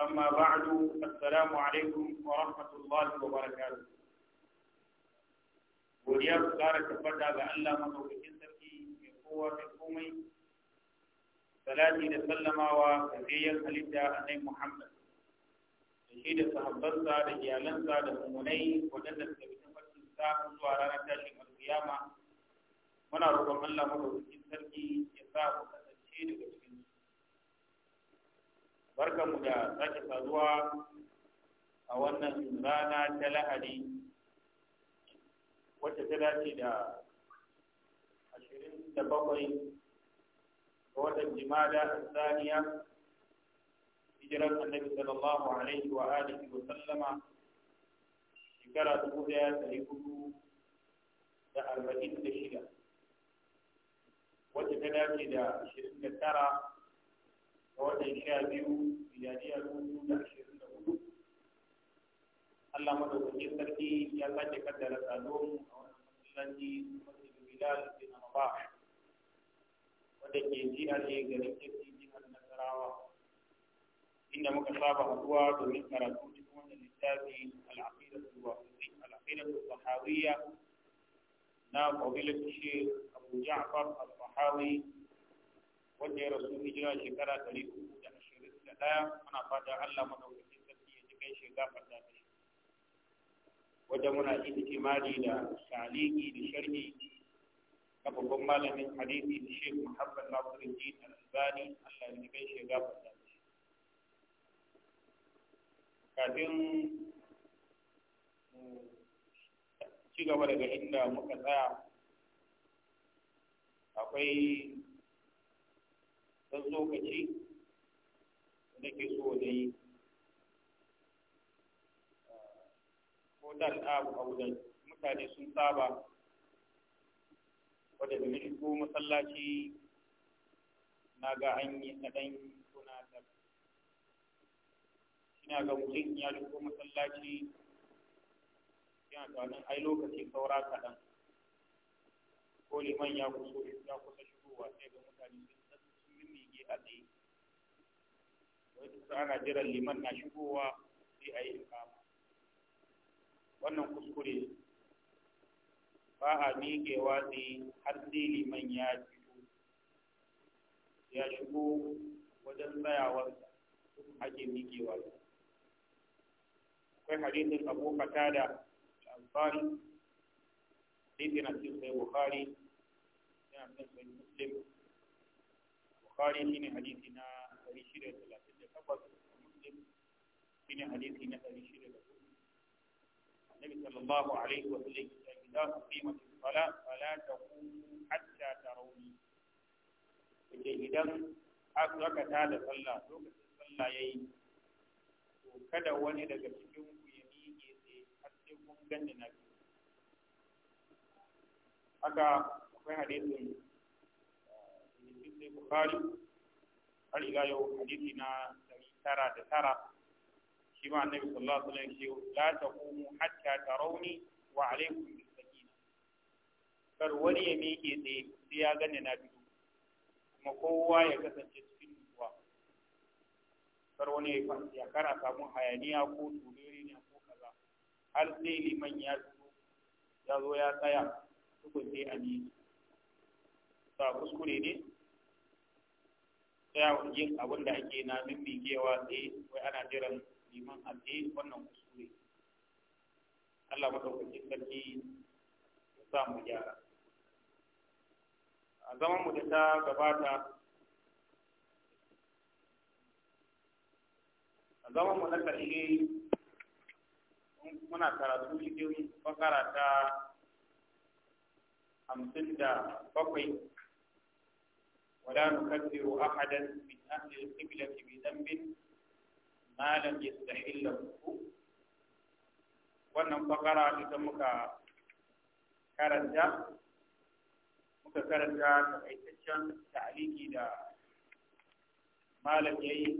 أما بعد السلام عليكم ورحمة الله وبركاته godiya ku ƙara tabbata ga Allah madaukakin sarki mai kowa komai salati da sallamawa ga zayyar halitta annabi Muhammad da shi da sahabbansa da iyalansa da mummunai waɗanda suka bi tabbacin sa zuwa ranar tashin alƙiyama muna roƙon Allah madaukakin sarki ya sa mu kasance daga cikin barka mu da sake saduwa a wannan rana ta lahadi wacce ta dace da ashirin da bakwai ga watan jimada a saniya hijirar annabi sallallahu alaihi wa alihi wa sallama shekara dubu daya dari hudu da arba'in da shida wacce ta dace da ashirin da tara ga watan sha biyu miliyariya dubu da ashirin da hudu Allah madaukakin sarki ya sake kaddara tsadon a wannan masallaci masjid bilal bin rabah wanda ke jiya ne garin kirki jihar nasarawa inda muka saba haduwa domin karatu cikin wannan littafi al'aqidatu wasitiyya al'aqidatu sahawiyya na fadilatul shaykh Abu Ja'far al-Sahawi wanda ya rasu hijira shekara ɗari uku da ashirin da ɗaya muna fata Allah madaukakin sarki ya ji kai shi gafar da shi wajen muna ijtimali da ta'liqi da sharhi na babban malamin hadisi da shek Muhammad ji Al-Albani Allah ya ji kai shi gafar da shi kafin ci gaba daga inda muka tsaya akwai ɗan lokaci da ke so da yi ah, ko da abu abu da mutane sun saba wadda da ko masallaci na ga an na ɗan suna da ina ga mutum ya ko masallaci yana da wani ai lokaci saura kaɗan ko liman ya kusa shigowa sai ga mutane sun a wai kusa ana jiran liman na shigowa sai a yi ikama wannan kuskure ba a miƙewa ne har sai liman ya fito ya shigo wajen tsayawarsa ake miƙewa ne akwai hadisin abu fatada da alfari hadisin a cikin sai bukari yana cikin sai muslim bukhari shine hadisi na 638 muslim shine hadisi na 600 النبي صلى الله عليه وسلم إذا قيمت الصلاة فلا تقوموا حتى تروني إذا أدركت هذا صلى لوكت صلى يي وكذا وني daga cikin ku ya miƙe sai har sai kun ganni na haka akwai hadisin Al-Ilah Bukhari har ila yau hadisi na dari tara da tara shi ma annabi sallallahu alaihi wasallam ce la taqumu hatta tarawni wa alaikum bis sakina kar wani ya miƙe tsaye sai ya gane na biyu kuma kowa ya kasance cikin nutsuwa kar wani ya fasiya ya a samu hayaniya ko turere ne ko kaza har sai liman ya zo ya zo ya tsaya tukun sai a miƙe ba kuskure ne tsaya yin abin da ake na mimmigewa tsaye wai ana jiran liman a wannan kuskure Allah madaukakin sarki ya sa mu gyara a zaman mu da ta gabata a zaman mu na ƙarshe muna karatu cikin bakara ta hamsin da bakwai ولا نكفر أحدا من أهل القبلة بذنب ما لم يستحل له وانا مفقرة لتمك كارنجا مك كارنجا تبعي تشان تعليقي دا ما لم يأي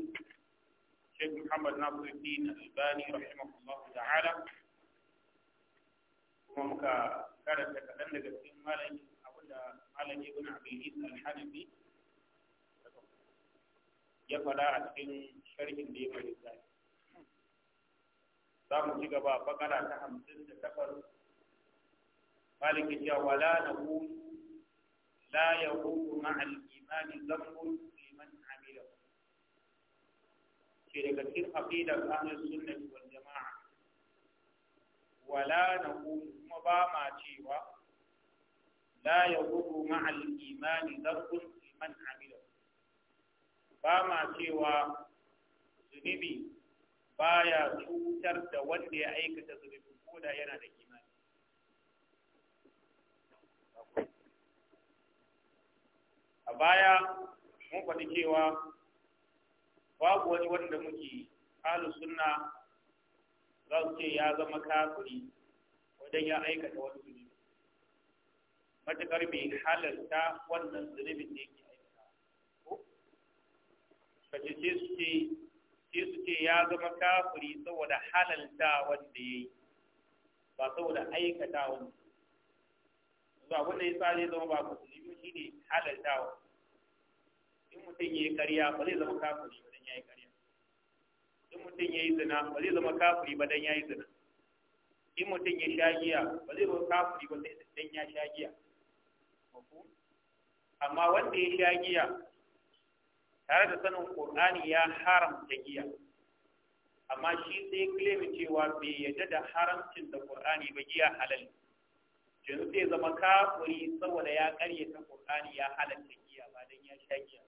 شيخ محمد ناصر الدين الألباني رحمه الله تعالى ومك كارنجا تلنجا تلنجا تلنجا تلنجا تلنجا تلنجا تلنجا تلنجا تلنجا تلنجا ya faɗa a cikin sharhin da ya mai lissafi za mu ci gaba bakara ta hamsin da takwas malikin cewa wala na ku la ya hu na al'imani imani liman amila ke daga cikin aqidar ahlus sunnah wal jama'a wala na hu kuma ba ma cewa la ya hu ma al-imani zambun liman amila ba ma cewa zunubi baya cutar da wanda ya aikata zunubi ko da yana da kimani, a baya mun faɗi cewa babu wani wanda muke Halu sunna za su ce ya zama kafiri wajen ya aikata wani zunubi matukar bai halarta wannan zunubin da yake kace ce su ce sai su ce ya zama kafiri saboda halalta wanda yayi ba saboda aikata wanda ba wanda ya sa zai zama ba musulmi shine halalta wanda in mutum yayi karya ba zai zama kafiri ba dan yayi karya, in mutum yayi zina ba zai zama kafiri ba dan yayi zina in mutum ya sha giya ba zai zama kafiri ba dan ya sha giya amma wanda ya sha giya tare da sanin qur'ani ya haramta giya amma shi sai claim cewa bai yadda da haramcin da qur'ani ba giya halal yanzu sai zama kafiri saboda ya karyata qur'ani ya halalta giya ba dan ya sha giya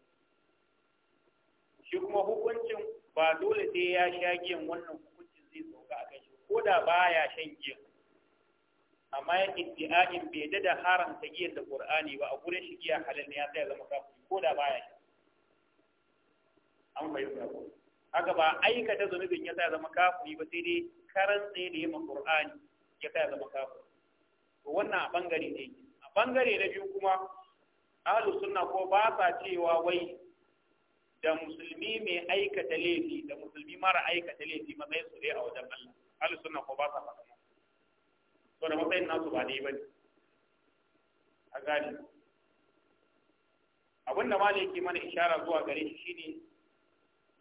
shi kuma hukuncin ba dole sai ya sha giyan wannan hukuncin zai sauka a kan ko da baya shan giyan amma ya iddia'in bai yadda da haramta giya da qur'ani ba a gure shi giya halal ne ya sai zama kafiri ko da baya shan an fahimta ko haka ba aikata zunubin ya sa ya zama kafiri ba sai dai karan tsaye da yamma qur'ani ya sa ya zama kafiri to wannan a bangare ne a bangare na biyu kuma ahlus sunna ko ba sa cewa wai da musulmi mai aikata laifi da musulmi mara aikata laifi matsayin su dai a wajen Allah ahli sunna ko ba sa faɗa to da matsayin nasu ba dai bane a gani abin da malai mana ishara zuwa gare shi shine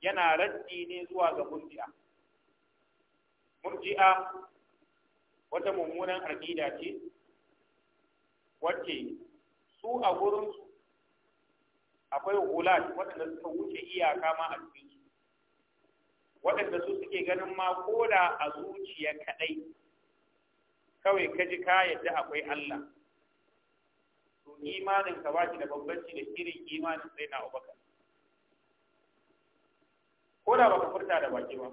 yana raddi ne zuwa ga murji'a murji'a wata mummunan aqida ce wacce su a gurin akwai hulat waɗanda suka wuce iyaka ma a cikin waɗanda su suke ganin ma koda a zuciya kaɗai kawai ka ji ka yadda akwai Allah to imanin ka ba shi da bambanci da irin imanin sai na Abubakar ko da baka furta da baki ba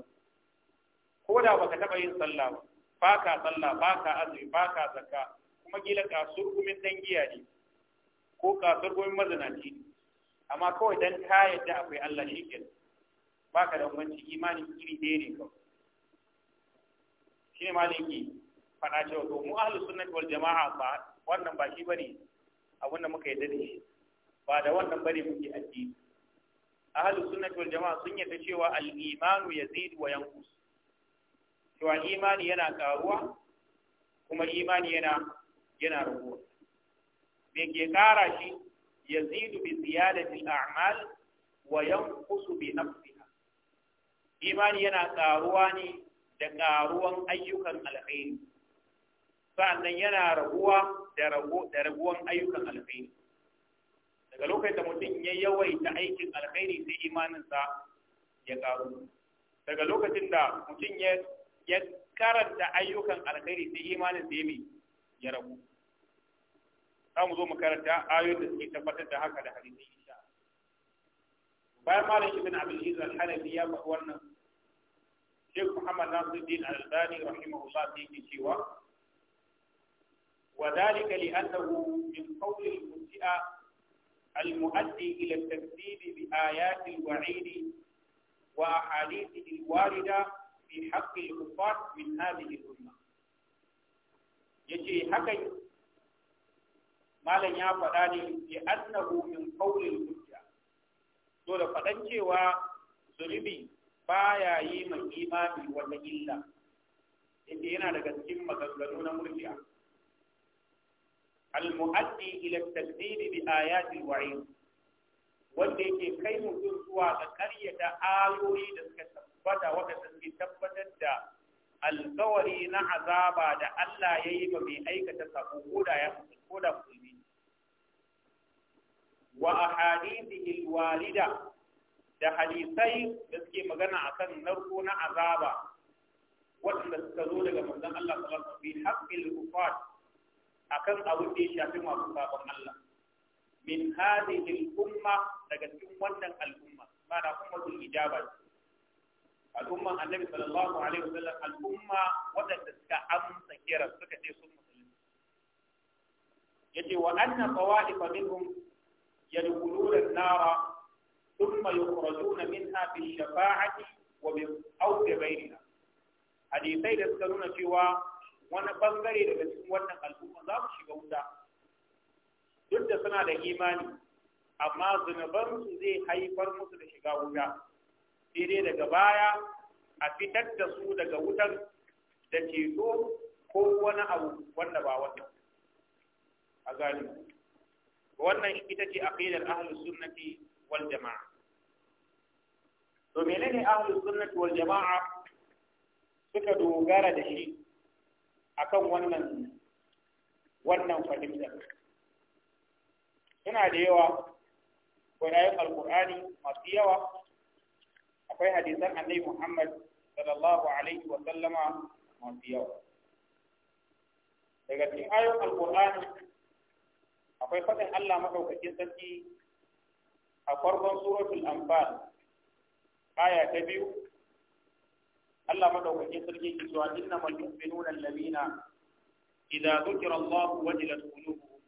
ko da baka taba yin sallah ba baka sallah baka azumi baka zakka kuma kila kasur gumin dan giya ne ko kasur gumin mazinaci ne amma kawai dan ka yadda akwai Allah shi kenan baka da umarci imani iri ɗaya ne kawai shine maliki fada cewa to mu ahlus sunnati wal jama'a ba wannan ba shi bane abin da muka yadda da shi ba da wannan bane muke addini ahalu sunnati wal jama'a sun yadda cewa al-imanu yazidu wa yanqus cewa imani yana karuwa kuma imani yana yana raguwa me ke kara shi yazidu bi ziyadati al-a'mal wa yanqus bi nafsiha imani yana karuwa ne da karuwan ayyukan alkhairi sannan yana raguwa da raguwan ayyukan alkhairi daga lokacin da mutum ya yawaita aikin alkhairi sai imaninsa ya karu daga lokacin da mutum ya karanta ayyukan alkhairi sai imaninsa ya mai ya rabu za mu zo mu karanta ayoyin da suke tabbatar da haka da hadisi insha bayan malam shi bin abin izar hanafi ya faɗi wannan shek Muhammad Nasiruddin Al-Albani rahimahullah yake cewa وذلك لأنه من قول المبتئة المؤدي إلى التكذيب بآيات الوعيد وأحاديثه الواردة في حق الكفار من هذه الأمة يجي حكي ما لن يفعل لأنه من قول الحجة دول فدنجي وظلمي baya yi mai imani wata illa inda yana daga cikin maganganu na murjiya المؤدي إلى التكذيب بآيات الوعيد wanda yake kai mutum zuwa ga karyata ayoyi da suka tabbata waɗanda suke tabbatar da alkawari na azaba da Allah ya yi ba mai aikata sako ko da ya ko da kulmi wa ahadithihi alwalida da hadisai da suke magana akan narko na azaba waɗanda suka zo daga manzon Allah sallallahu alaihi wasallam bi haqqil akan abin da ya shafi masu sabon Allah min hadhihi al daga cikin wannan al'umma da mana ummatul ijaba al'umma annabi sallallahu alaihi wasallam al'umma wadanda suka amsa kira suka ce sun musulmi yace wa anna tawaifa minhum yadkhuluna an-nara thumma yukhrajuna minha bi shafa'ati wa bi aw bi ghayriha hadithai da suka nuna cewa wani bangare daga cikin wannan al'umma za mu shiga wuta duk da suna da imani amma zunubansu zai haifar musu da shiga wuta sai dai daga baya a fitar da su daga wutan da ceto ko wani abu wanda ba wannan a gani wannan ita ce aqidar ahlus sunnati wal jama'a to menene ahlus sunnati wal jama'a suka dogara da shi akan wannan wannan fahimta suna da yawa bayanin alkur'ani masu yawa akwai hadisan annabi Muhammad sallallahu alaihi wa sallama masu yawa daga cikin ayoyin alkur'ani akwai faɗin Allah madaukakin sarki a farkon suratul anfal aya ta biyu Allah madaukakin sarki ke cewa innamal mu'minuna alladhina idza dhukira Allah wajilat qulubuhum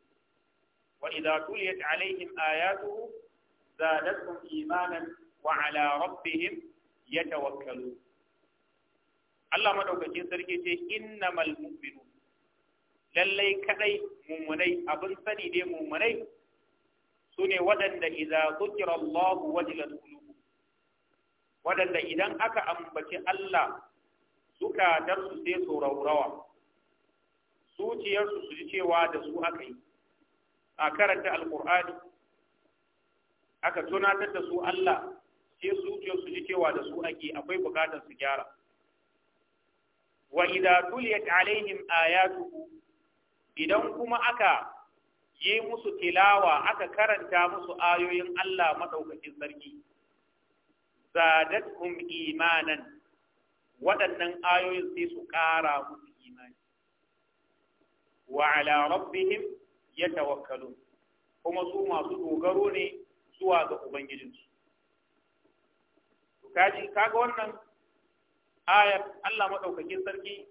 wa idza tuliyat alaihim ayatuhu zadatuhum imanan wa ala rabbihim yatawakkalun Allah madaukakin sarki ce innamal mu'minun lallai kadai mummunai abin sani dai mummunai su ne waɗanda idza dhukira Allah wajilat qulubuhum waɗanda idan aka ambaci Allah suka darsu sai su raurawa zuciyarsu su ji cewa da su aka yi a karanta alkur'ani aka tunatar da su Allah sai zuciyarsu ji cewa da su ake akwai bukatar su gyara wa idza tuliyat alaihim ayatuhu idan kuma aka yi musu tilawa aka karanta musu ayoyin Allah madaukakin sarki zadatkum imanan waɗannan ayoyin sai su ƙara musu imani wa ala rabbihim yatawakkalun kuma su masu dogaro ne zuwa ga ubangijinsu kaji kaga wannan ayar Allah madaukakin sarki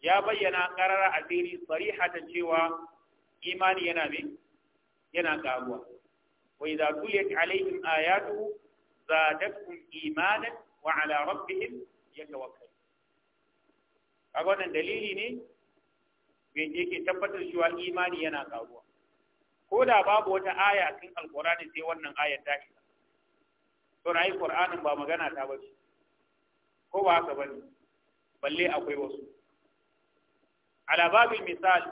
ya bayyana karara asiri ta cewa imani yana me yana karuwa wa idza tuliyat alaihim ayatu zadatkum imanan wa ala rabbihim yatawakkalun kaga wannan dalili ne bai yake tabbatar cewa imani yana karuwa ko da babu wata aya a cikin alqur'ani sai wannan aya ta shiga to rai qur'anin ba magana ta shi. ko ba haka bane balle akwai wasu ala babu misal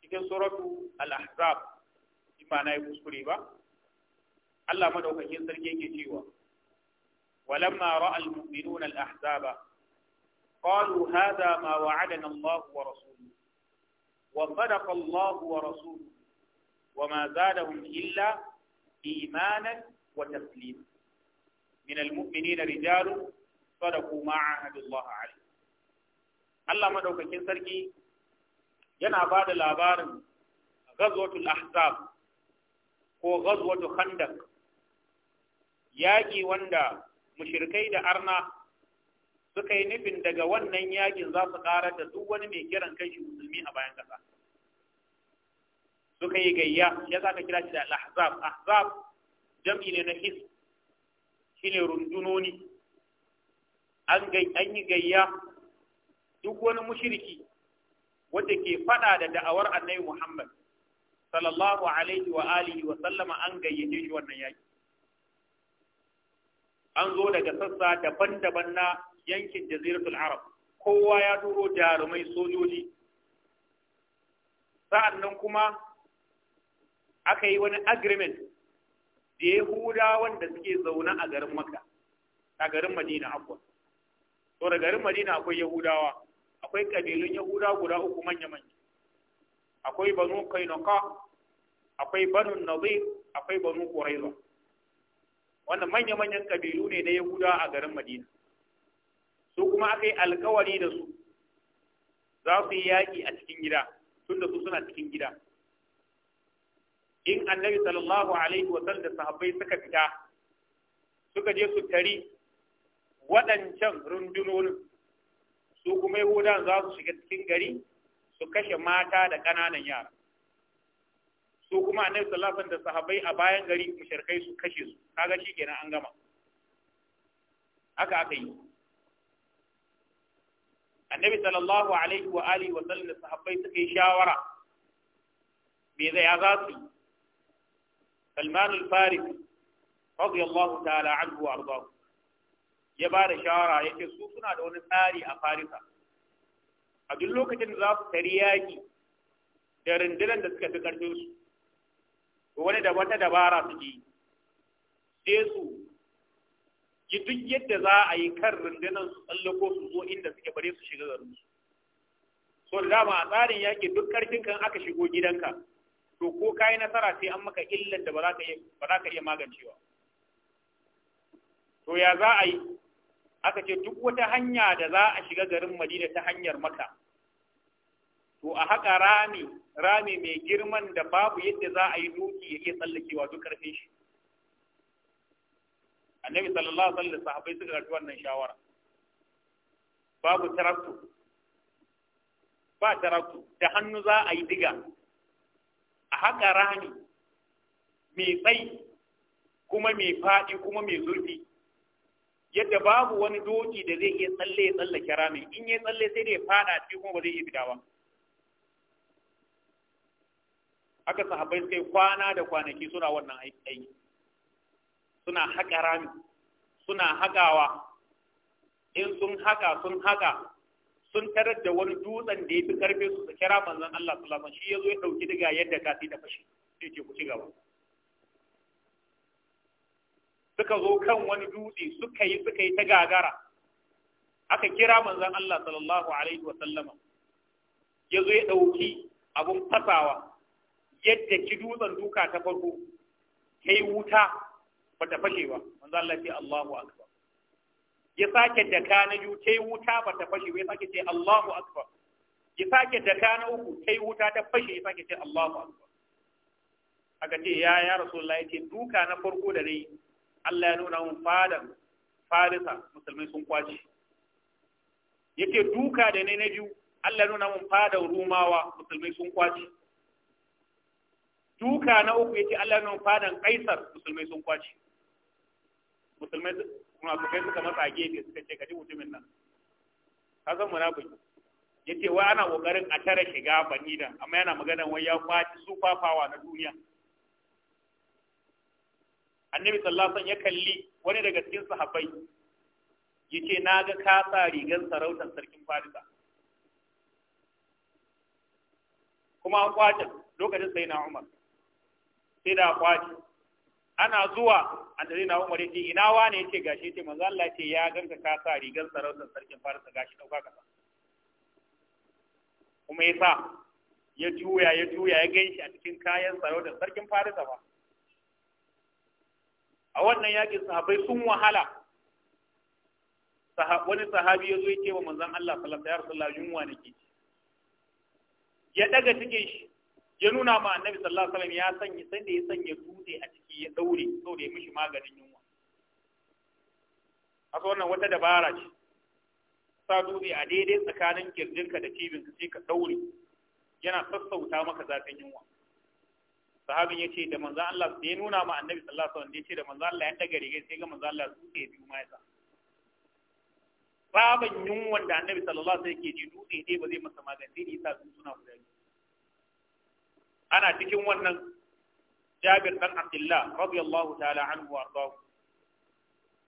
cikin suratu al-ahzab imma na yi kuskure ba Allah madaukakin sarki yake cewa walamma ra'a al-mu'minuna al-ahzaba qalu hadha ma wa'adana Allah wa rasuluhu wa sadaqa Allah wa rasuluhu Wa زادهم إلا إيمانا imanan wa taslim. Min almuminina Rijalu عاهدوا الله عليه الله ما دوكا كين yana ba da labarin ghazwatul ahzab ko ghazwatul khandaq yaƙi wanda mushirkai da arna suka yi nufin daga wannan yakin za su ƙara da duk wani mai kiran kanshi musulmi a bayan ƙasa suka yi gayya ya za ka kira shi da al-ahzab ahzab jam'i ne na his shi ne rundunoni an yi gayya duk wani mushiriki wanda ke fada da da'awar annabi Muhammad sallallahu alaihi wa alihi wa sallama an gayyace shi wannan yaki an zo daga sassa daban-daban na yankin jaziratul arab kowa ya turo jarumai sojoji nan kuma aka yi wani agreement da ya huda wanda suke zaune a garin maka a garin madina akwai to da garin madina akwai yahudawa akwai ƙabilun yahuda guda uku manya-manya akwai banu kainaka akwai banu nazir akwai banu ƙuraiza wannan manya-manyan kabilu ne na yahuda a garin madina su kuma aka yi alkawari da su za su yi yaƙi a cikin gida tun da su suna cikin gida in annabi sallallahu alaihi wasallam da sahabbai suka fita suka je su tari waɗancan rundunonin su kuma yahudan za su shiga cikin gari su kashe mata da ƙananan yara su kuma annabi sallallahu alaihi da sahabbai a bayan gari mushrikai su kashe su kaga shikenan an gama haka aka yi annabi sallallahu alaihi wa alihi wa sallam da sahabbai suka yi shawara me zai ya za su Salman al-Farisi radiyallahu ta'ala anhu wa ardahu ya ba da shawara yace su suna da wani tsari a Farisa a duk lokacin da za su tari yaƙi. da rundunar da suka fi su. wani da wata dabara suke yi sai su yi duk yadda za a yi kan rundunar su tsallako su zo inda suke bare su shiga garin su so da dama a tsarin yaƙi duk ƙarfin kan aka shigo gidanka to ko ka yi nasara sai an maka illar da ba za ka iya magancewa to ya za a yi aka ce duk wata hanya da za a shiga garin madina ta hanyar maka to a haka rami rami mai girman da babu yadda za a yi doki ya iya tsallakewa duk karfin shi annabi sallallahu alaihi wasallam sahabbai suka karbi wannan shawara babu taraktu ba taraktu da hannu za a yi diga a haka rami mai tsayi kuma mai faɗi kuma mai zurfi yadda babu wani doki da zai iya tsalle ya tsallake ramin in ya tsalle sai da ya fada cikin kuma ba zai iya ba. haka sahabbai suka yi kwana da kwanaki suna wannan aiki suna haƙa rami suna haƙawa in sun haƙa sun haƙa sun tarar da wani dutsen da ya fi karfe su su kira manzon Allah sallallahu alaihi shi ya zo ya ɗauki diga yadda kasi ta fashi sai ce ku ci gaba suka zo kan wani dutse suka yi suka yi ta gagara aka kira manzon Allah sallallahu alaihi wasallam ya zo ya ɗauki abun fasawa yadda ki dutsen duka ta farko ta yi wuta ba ta fashe ba manzo Allah ce Allahu akbar ya sake daka na biyu ta yi wuta ba ta fashe ba ya sake ce Allahu akbar ya sake daka na uku ta yi wuta ta fashe ya sake ce Allahu akbar aka ce ya ya rasulullah ya ce duka na farko da rai Allah ya nuna mun fadan farisa musulmai sun kwace ce duka da ne na biyu Allah ya nuna mun fadan rumawa musulmai sun kwace duka na uku yace Allah nan fadan kaisar musulmai sun kwace musulmai kuma su kai suka matsa gefe suka ce kaji mutumin nan ka san munafiki yace wai ana kokarin a tare shiga banida amma yana magana wai ya kwaci su power na duniya annabi sallallahu alaihi wasallam ya kalli wani daga cikin sahabbai yace na ga ka sa rigan sarautar sarkin farisa kuma an kwace lokacin sai na umar sai da kwaci ana zuwa da na umar yace ina wane yace gashi yace manzo Allah yace ya ganka ka sa rigar sarautar sarkin Farisa gashi dauka ka kuma yasa ya juya ya juya ya ganshi a cikin kayan sarautar sarkin Farisa ba a wannan yakin sahabbai sun wahala wani sahabi ya zo ya wa manzon Allah sallallahu alaihi wasallam yunwa nake ya daga cikin shi ya nuna ma annabi sallallahu alaihi wasallam ya sanya sai da ya sanya dutse a ciki ya daure saboda ya mishi maganin yunwa haka wannan wata dabara ce sa dutse a daidai tsakanin kirjinka da cibinka sai ka daure yana sassauta maka zafin yunwa sahabin ya ce da manzo Allah sai ya nuna ma annabi sallallahu alaihi wasallam ya ce da manzo Allah ya daga rigar sai ga manzo Allah dutse biyu ma ya sa tsaban yunwan da annabi sallallahu alaihi wasallam yake ji dutse dai ba zai masa magani sai ya sa suna guda biyu ana cikin wannan jabir dan abdullah radiyallahu ta'ala anhu warda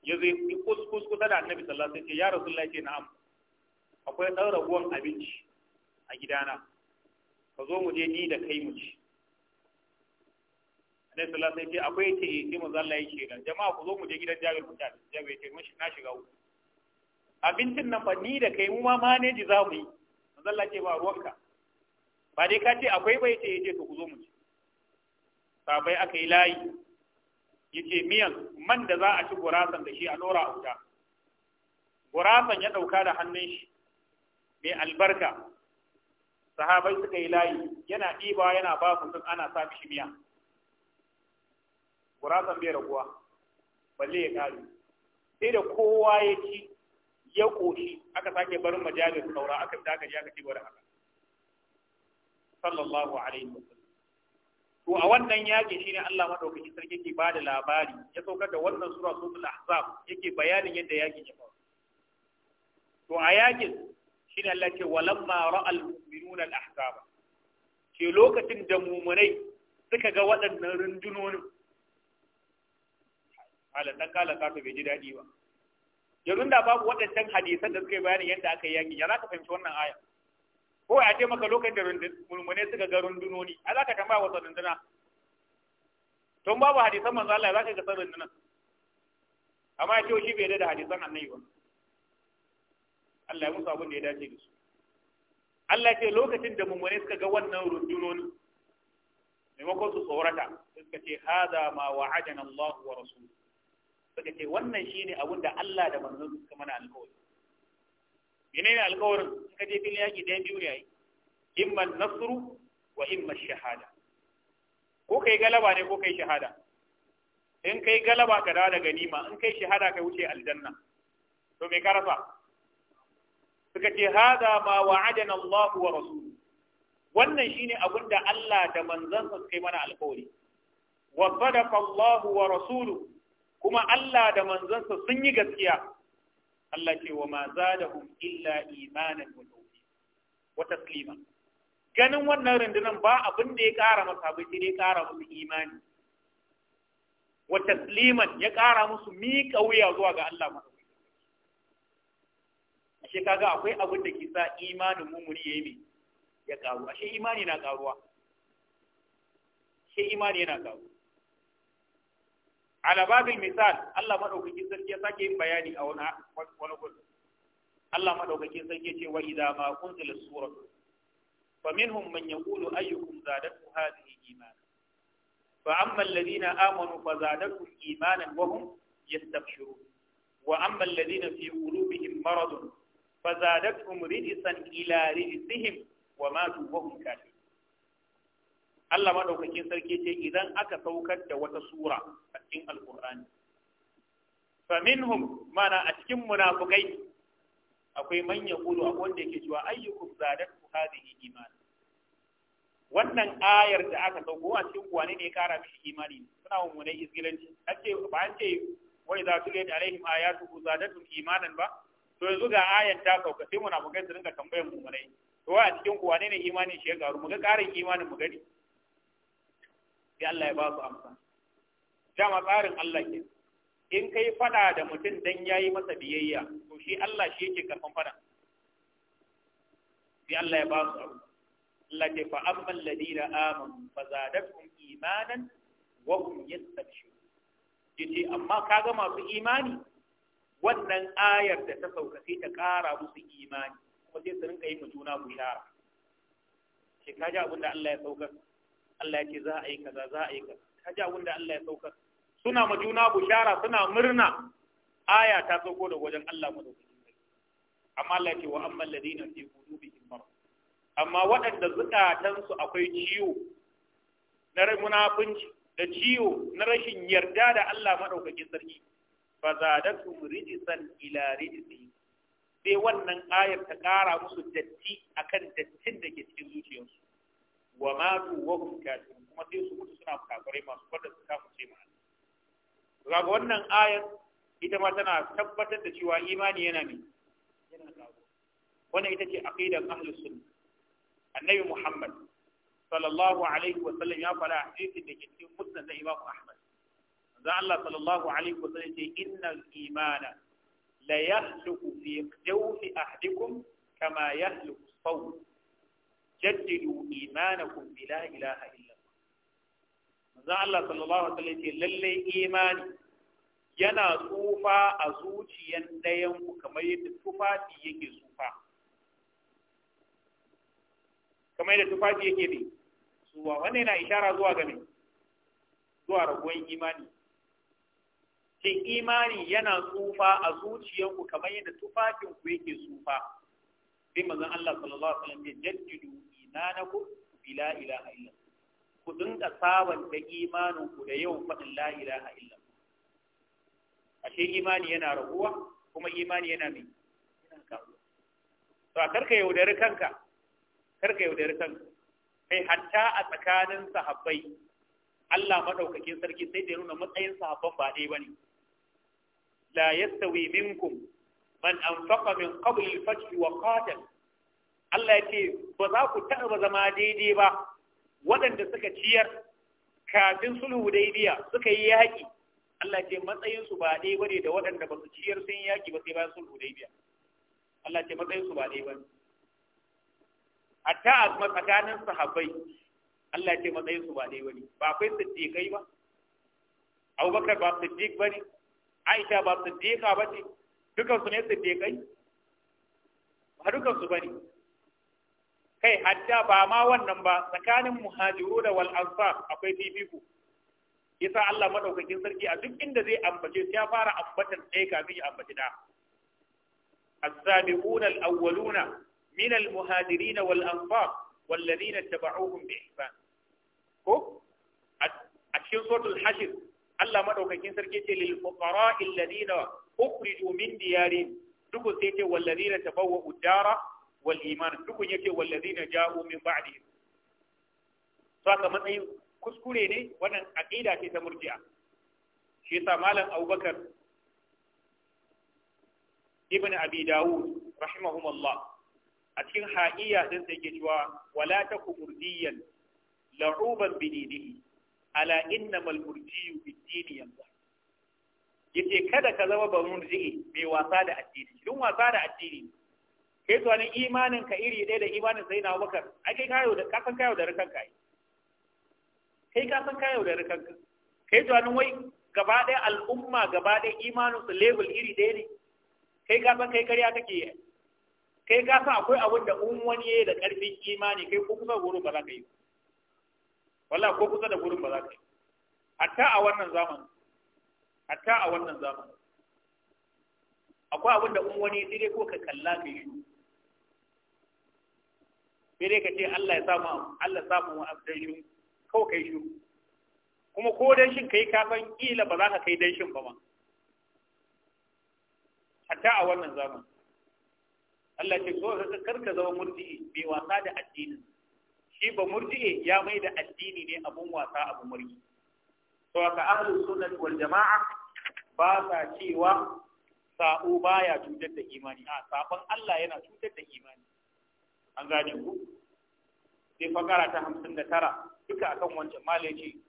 ya zai kuskus kusa da annabi sallallahu alaihi wasallam ya rasulullahi ce na'am akwai dan raguwan abinci a gidana ka zo mu je ni da kai mu ci annabi sallallahu alaihi wasallam akwai ce eh, sai manzo Allah ya ce jama'a ku zo mu je gidan jabir mutan jabir ya ce na shiga uku abincin nan ba ni da kai mu ma maneji za mu yi manzo Allah ce ba ruwanka ba dai ka ce akwai bai ce yace to ku zo mu ci sabai aka yi layi yace miyan man da za a ci gurasan da shi a lora a wuta gurasan ya dauka da hannun shi mai albarka sahabai suka yi layi yana ɗiba yana ba sun ana sa mishi miya gurasan bai raguwa balle ya kare sai da kowa ya ci ya ƙoshi aka sake barin majalis saura aka fita aka je aka ci gurasan da haka sallallahu alaihi wasallam to a wannan yaƙi shine Allah madaukaki sarki yake bada labari ya saukar da wannan sura suratul ahzab yake bayanin yadda yaƙi ya faru to a yaƙin shine Allah ke walamma ra'al mu'minuna al-ahzab ke lokacin da mumunai suka ga waɗannan rundunonin halin dan kala ka bai ji dadi ba yanzu da babu waɗancan hadisan da suka yi bayanin yadda aka yi yaƙi ya za ka fahimci wannan aya ko a ce maka lokacin da mulmune suka ga rundunoni a za ka tambaya wasu runduna tun babu hadisan manzo Allah za ka ga san rundunan amma ce shi bai da hadisan annabi ba Allah ya musu abin da ya dace da su Allah ce lokacin da mummune suka ga wannan rundunoni maimakon su tsorata suka ce hada ma wa'adana Allah wa rasul suka ce wannan shine abin da Allah da manzon suka mana alƙawari menene alƙawarin in ka je filin yaki ɗaya biyu ne ai imma nasru wa imma shahada ko kai galaba ne ko kai shahada in kai galaba ka dawo da ganima in kai shahada kai wuce aljanna to me ka rasa suka ce hada ma wa'adana Allah wa rasuluhu wannan shine abin da Allah da manzansa suka yi mana alƙawari wa sadaqa Allah wa rasuluhu kuma Allah da manzansa sun yi gaskiya Allah ce wa ma zadahum illa imanin wa wa taslima ganin wannan rundunan ba abin da ya ƙara masa ba sai dai ƙara musu imani wa tasliman ya ƙara musu miƙa wuya zuwa ga Allah ma. ashe kaga akwai abin da ke sa imanin mumuni yayi ya ƙaru ashe imani na ƙaruwa ashe imani yana ƙaruwa ala babil misal Allah madaukakin sarki ya sake yin bayani a wani wani gudu Allah madaukakin sarki ya ce wa idza ma unzilat suratu فمنهم من يقول أيكم زادته هذه إيمانا فأما الذين آمنوا فزادتهم إيمانا وهم يستبشرون وأما الذين في قلوبهم مرض فزادتهم رجسا إلى رجسهم وماتوا وهم كافرون Allah daukakin sarki ce idan aka saukar da wata sura a cikin Fa minhum mana a cikin munafukai akwai man gudu a wanda yake cewa ayyukum zadatu hadhihi iman wannan ayar da aka dauko a cikin wani ne ya kara mishi imani suna wa munai izgilanci ake ba an ce wai za su da alaihim ayatu zadatu imanan ba to yanzu ga ayar ta sauka sai munafukai su dinga tambayar mu munai to a cikin ku wane ne imanin shi ya garu mu ga karin imanin mu gani sai Allah ya ba su amsa dama tsarin Allah ke in ka yi faɗa da mutum don ya yi masa biyayya to shi Allah shi yake karfan fada sai Allah ya ba su abu Allah ce fa amma alladina amanu fa zadatuhum imanan wa hum yastabshirun yace amma ka ga masu imani wannan ayar da ta sauka sai ta ƙara musu imani kuma sai su rinka yi ma juna bishara shi kaji abin da Allah ya saukar Allah ya ce za a yi kaza za a yi kaza ka ji abin da Allah ya saukar suna ma juna bushara suna murna aya ta sauko da wajen Allah madaukakin sarki amma Allah ya ce wa amman ladina fi qulubihim marad amma waɗanda su akwai ciwo na munafunci da ciwo na rashin yarda da Allah madaukakin sarki fa zadatu rijsan ila rijsi sai wannan ayar ta ƙara musu datti akan dattin da ke cikin zuciyarsu wa matu wa hum kafirun kuma sai su mutu suna kafirai masu fada su kafirce ma Allah wannan ayat ita ma tana tabbatar da cewa imani yana ne yana kawo wannan ita ce aqidan ahlus sunna annabi Muhammad sallallahu alaihi wa sallam ya fara hadisi da ke cikin musnad da Imam Ahmad manzo Allah sallallahu alaihi wa sallam ya ce innal imana la yahluku fi jawfi ahdikum kama yahluku sawm jaddidu imanakum la ilaha illa manzo Allah sallallahu alaihi wasallam ce lalle imani yana tsufa a zuciyan ɗayan ku kamar yadda tufafi yake tsufa kamar yadda tufafi yake ne tsuwa wannan yana ishara zuwa ga me zuwa raguwan imani shin imani yana tsufa a zuciyan ku kamar yadda tufafinku yake tsufa sai manzon Allah sallallahu alaihi wasallam ya jaddidu imanakum bila ilaha illa ku dinga sabanta imanin ku da yawan faɗin la ilaha illa ashe imani yana raguwa kuma imani yana mai yana karuwa to a karka yaudari kanka karka yaudari kanka kai hatta a tsakanin sahabbai Allah madaukakin sarki sai da ya nuna matsayin sahabban ba ɗaya bane la yastawi minkum man anfaqa min qabl al-fath wa qatal Allah ya ce ba za ku taɓa zama daidai ba waɗanda suka ciyar kafin sulhu daidaiya suka yi yaƙi Allah ce matsayinsu ba ɗaya bane da waɗanda ba su ciyar sun yaƙi ba sai bayan sulhu daidaiya. Allah ce matsayinsu ba ɗaya bane hatta a tsakanin sahabbai Allah ce matsayinsu ba ɗaya bane ba akwai siddiƙai ba Abubakar ba siddiq bane Aisha ba siddiqa bace dukansu ne siddiƙai ba dukansu bane kai hatta ba ma wannan ba tsakanin muhajiru da wal ansar akwai fifiko yasa Allah madaukakin sarki a duk inda zai ambace ya fara ambatan ɗaya kafin ya ambaci da as-sabiquna al-awwaluna min al-muhajirin wal ansar والذين اتبعوهم بإحسان ko a cikin suratul hashir Allah madaukakin sarki ce lil fuqara alladhina ukhriju min diyarihim duk sai ce walladhina tabawwa'u dara wal iman dukun yake wallazina ja'u min ba'dihim to aka matsayin kuskure ne wannan aƙida ce ta murji'a shi yasa malam Abubakar ibn Abi Dawud rahimahumullah a cikin haqiya din sai yake cewa wala taku murdiyan la'uban bidinihi ala innamal murjiyu bid-dini yanzu yace kada ka zama ba murji'i mai wasa da addini don wasa da addini kai to ne imanin ka iri ɗaya da imanin sai na Abubakar ai kai kayo da kasan kayo da rikan kai kai kasan kayo da rikan kai to ne wai gaba ɗaya al'umma gaba ɗaya imanin su level iri ɗaya ne kai kasan kai karya kake yi kai ka san akwai abin da in wani yayi da karfin imani kai ko kusa gurin ba za ka yi wallahi ko kusa da gurin ba za ka yi hatta a wannan zaman hatta a wannan zaman akwai abin da in wani sai dai ko ka kalla kai shi sai dai ka ce Allah ya samu Allah ya samu abdan shi kawai kai shi kuma ko shin kai ka san kila ba za ka kai shin ba ma hatta a wannan zaman Allah ce so ka karka zama murji'i bai wasa da addinin shi ba murji'i ya mai da addini ne abun wasa abun murji to aka ahlus sunnah wal jama'a ba sa cewa sa'u baya cutar da imani a sabon Allah yana cutar da imani an gane ku sai fakara ta hamsin da tara duka akan wancan malaci